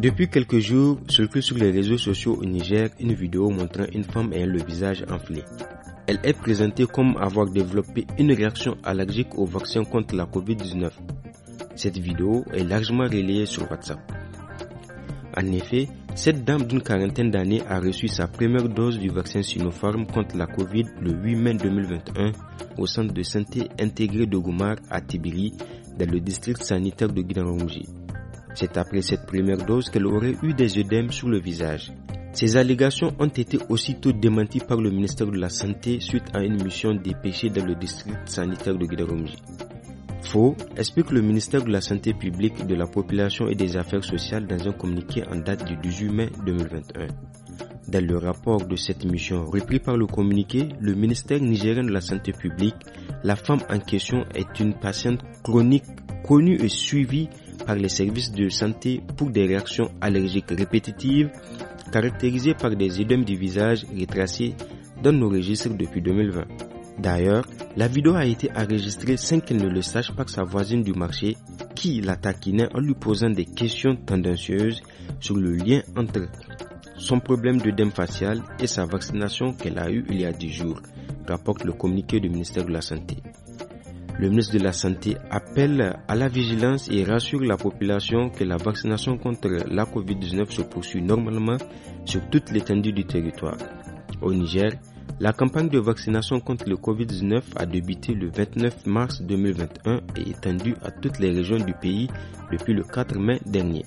Depuis quelques jours, circule sur les réseaux sociaux au Niger une vidéo montrant une femme ayant le visage enflé. Elle est présentée comme avoir développé une réaction allergique au vaccin contre la COVID-19. Cette vidéo est largement relayée sur WhatsApp. En effet, cette dame d'une quarantaine d'années a reçu sa première dose du vaccin Sinopharm contre la Covid le 8 mai 2021 au centre de santé intégré de Goumar à Tibiri, dans le district sanitaire de Guinarangi. C'est après cette première dose qu'elle aurait eu des œdèmes sous le visage. Ces allégations ont été aussitôt démenties par le ministère de la Santé suite à une mission dépêchée dans le district sanitaire de Guidarumji. Faux, explique le ministère de la Santé publique, de la Population et des Affaires sociales dans un communiqué en date du 18 mai 2021. Dans le rapport de cette mission repris par le communiqué, le ministère nigérien de la Santé publique, la femme en question est une patiente chronique connue et suivie par les services de santé pour des réactions allergiques répétitives caractérisées par des œdèmes du visage retracés dans nos registres depuis 2020. D'ailleurs, la vidéo a été enregistrée sans qu'elle ne le sache par sa voisine du marché qui la taquinait en lui posant des questions tendancieuses sur le lien entre son problème d'œdème facial et sa vaccination qu'elle a eue il y a 10 jours, rapporte le communiqué du ministère de la Santé. Le ministre de la Santé appelle à la vigilance et rassure la population que la vaccination contre la COVID-19 se poursuit normalement sur toute l'étendue du territoire. Au Niger, la campagne de vaccination contre le Covid-19 a débuté le 29 mars 2021 et est étendue à toutes les régions du pays depuis le 4 mai dernier.